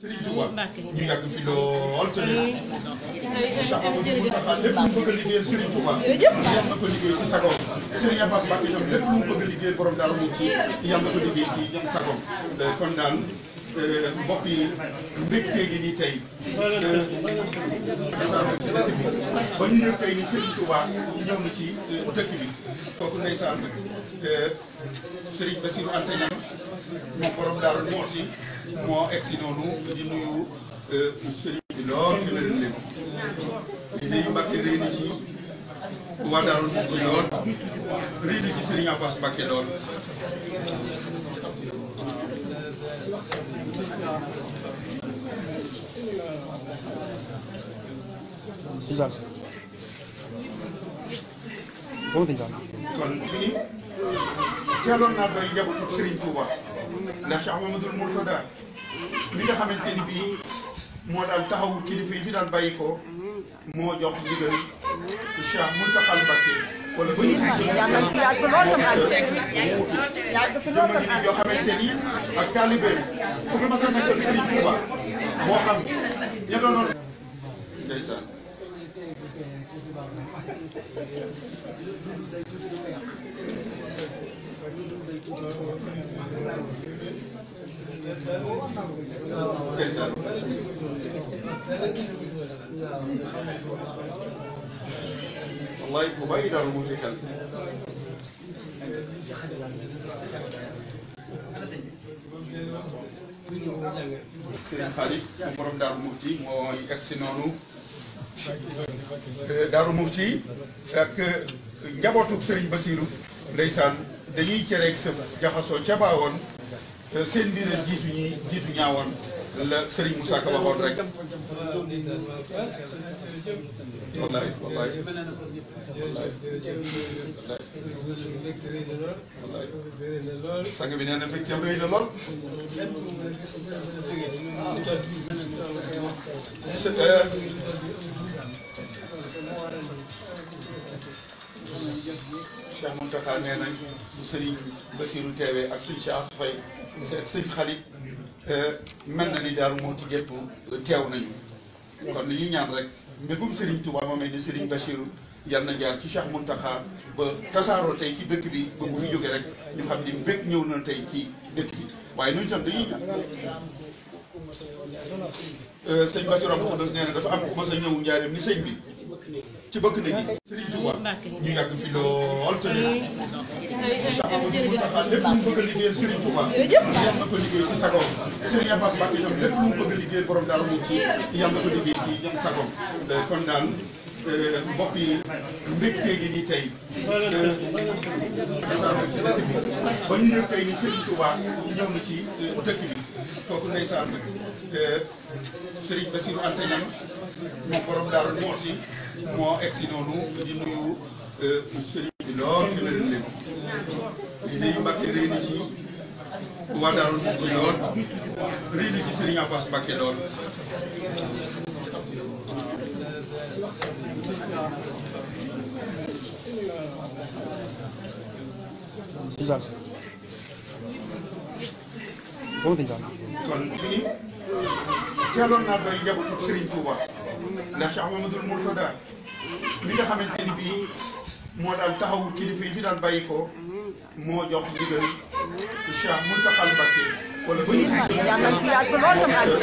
Sëriñ Tuuba ñu yàgg fi lool te léegi incha allah bu mu taxaw lu bëgg a liggéeyal Sëriñ Tuuba yàlla na ko liggéey ci sagoom Sëriñ Abbas Mbacke ñoom lépp lu mu bëgg a liggéeyal borom daal ci yàlla na ko liggéey ci sagoom euh, kon daal euh, mbokk yi mbégte gi nii tey euh, ba ñu ñëw tey ni Sëriñ Tuuba ñëw na ci dëkk bi kooku ndeysaan Sëriñ Bassirou Anta Niang moom borom daaru moo ci moo egsi noonu di nuyu euh, sëriñ bi lool ci moo ci lool réy na ci Abbas Mbàkke lool kon fii teeloon naa doy la Cheikh Mamadou Mourtada mi nga xamante ni bii moo daal taxawu kilifa yi fi daan bàyyi ko moo jox ndigal Cheikh Mountakha Mbacké wala ba ñu jëmale yoo xamante ni ak taalibe ku fi mas a nekk Serigne Touba moo xam ña doonoon ndeysaan الله يكوبا إلى رموتك Serigne Khalid mu borom Daaru Muxti moo egsi noonu ak Serigne dañuy cere ak sëb jaxasoo ca baawoon seen mbir jiitu ñi jiitu ñaawoon la Serigne Moussa Ka waxoon rek. wallaay wallaay wallaay sang bi nee na mbégteem rëy na lool. Cheikh Mountakha nee nañ bu sëriñ Basiru teewee ak sëriñ Cheikh Assou Faye ak sëriñ Khalid euh, mel na ni Daaru Muhti gépp teew nañu kon li ñu ñaan rek mbégum sëriñ Touba moom it di sëriñ Basiru yal na jaar ci Cheikh Mountakha ba tasaaroo tey ci dëkk bi ba fi jóge rek ñu xam ni mbég ñëw na tey ci dëkk bi waaye ñu itam dañuy ñaan sëñ Basiru am na nee na dafa am ku mas a ñëw njaarim ni sëñ bi ci bokk na gi Serigne Touba ñu yàgg fi lool te léegi incha allah lépp lu mu bëgg a mbokk yi mbégtee gi nii tey ba ñu ñëw tey ni Serigne Touba ñëw na ci eh, dëkk bi kooku ndeysaan nag eh, Serigne Bassirou Anta Niang moom borom Daaru Muxti moo egsi noonu di nuyu eh, Serigne bi lool ci rëy na ci waa Daaru Muxti lool rëy Güzel. Bunu diyeceğim. jaloon naa doy njabootu Serigne Touba la Cheikh Mamadou Mourtada mi nga xamante ni bii moo daal taxawu kilifa yi fi daan bàyyi ko moo jox ndigal Cheikh Mountakha Mbacké yàlla na fi lool tam ànd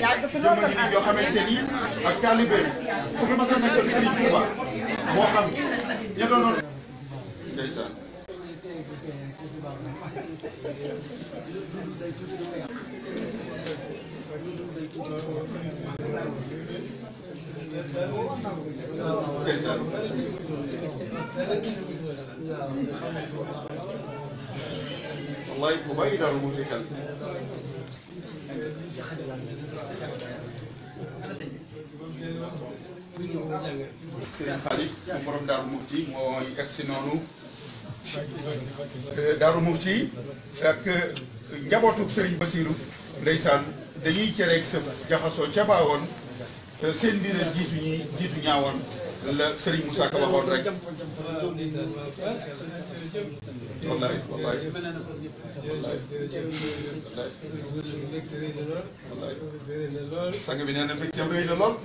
yàgg fi lool tam ànd yoo xamante ni ak taalibe ku fi mas a nekk Serigne Touba moo xam ña doonoon ndeysaan ndeysaan wallahi ku bàyyi daal mu ci xel si Xaalit mu borom Daaru Muxti mooy egsi noonu euh, Daaru Muxti ak euh, njabootuk sëriñ Basiiru ndeysaan dañuy cereeg sa jaxasoo ca baawoon Euh, seen mbir la jiitu ñi jiitu ñaawoon la Serigne Moussa Ka waxoon rek. wallaay wallaay wallaay sang bi nee na mbégteem rëy na lool.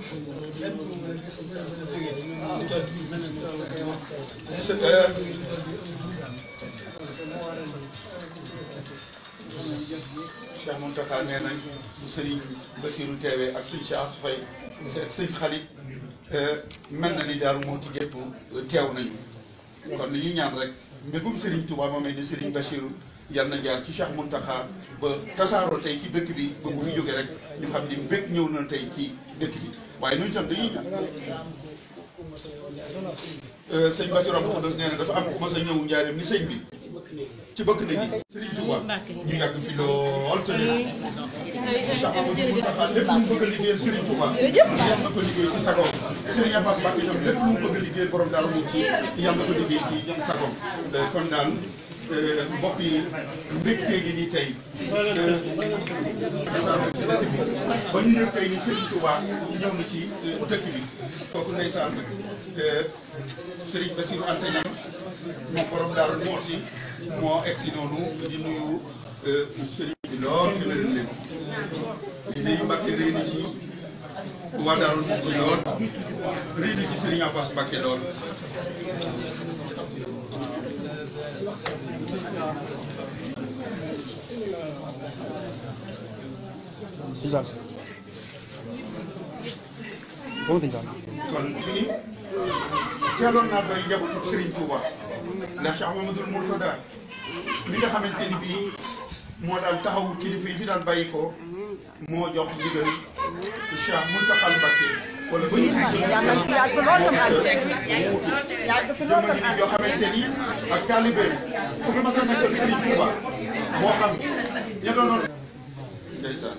Euh, Cheikh Mountakha nee nañ bu sëriñ Bassirou teewee ak sëñ Cheikh Assou Faye ak sëñ Khalid mel na ni moo Muhti gépp teew nañu kon li ñu ñaan rek mbégum sëriñ Touba moom it di sëriñ Bassirou yal na jaar ci Cheikh Mountakha ba tasaaroo tey ci dëkk bi ba bu fi jóge rek ñu xam ni mbég ñëw na tey ci dëkk bi waaye ñun itam dañuy ñaan euh, sëñ Bassirou Abdou Khoudoss nee na dafa am ku mas a ñëw njaarim ni sëñ bi ci bëkk na ni Touba ñu yàgg fi lool te léegi incha allah lépp lu mu bëgg a liggéeyal Serigne Touba yàlla ko liggéey ci sagoom Serigne Abbas Mbacke ñoom a liggéeyal ci yàlla na ko liggéey ci sagoom euh, kon daal euh, mbokk yi mbégte nii tey euh, ba ñu ñëw tey ni Serigne Touba ñëw na ci dëkk bi kooku ndeysaan Serigne Bassirou Anta Niang moom borom Daaru Muxti moo egsi noonu di nuyu euh, Serigne bi lool ci wér leen di nuyu Mbacke réy na ci waa Daaru Muxti lool réy na ci Serigne Abbas Mbacke lool kon fii jaloon naa doy njabootu Serigne Touba la Cheikh Mamadou Mourtada mi nga xamante ni bii moo daal taxawu kilifa yi fi daan bàyyi ko moo jox ndigal Cheikh Mountakha Mbacké wala ba ñu jëmale ni yoo xamante ni ak taalibe ku fi mas a nekk Serigne Touba moo xam ña doonoon ndeysaan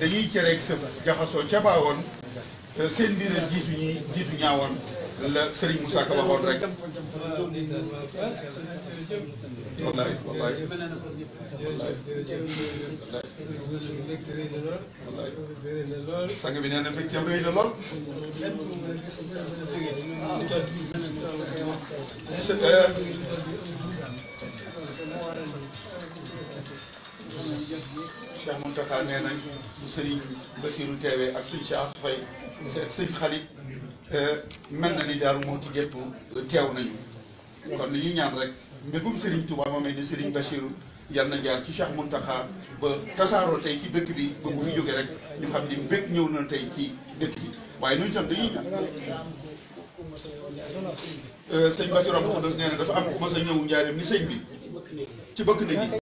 dañuy cere ak sëba jaxasoo ca baawoon seen mbir jiitu ñi jiitu ñaawoon la Serigne Moussa Ka waxoon rek. wallaay wallaay wallaay sang bi nee na mbégteem rëy na lool. Cheikh Mountakha nee nañ bu sëriñ Basiru teewee ak sëñ Cheikh Assou Faye ak sëñ Khalid euh, mel na ni Daaru Muhti gépp teew nañu kon li ñu ñaan rek mbégum sëriñ Touba moom it di sëriñ Basiru yal na jaar ci Cheikh Mountakha ba tasaaroo tey ci dëkk bi ba fi jóge rek ñu xam ni mbég ñëw na tey ci dëkk bi waaye ñu itam dañuy ñaan euh, sëñ Basiru am na nee dafa a ñëw njaarim ni bi ci bëkk na bi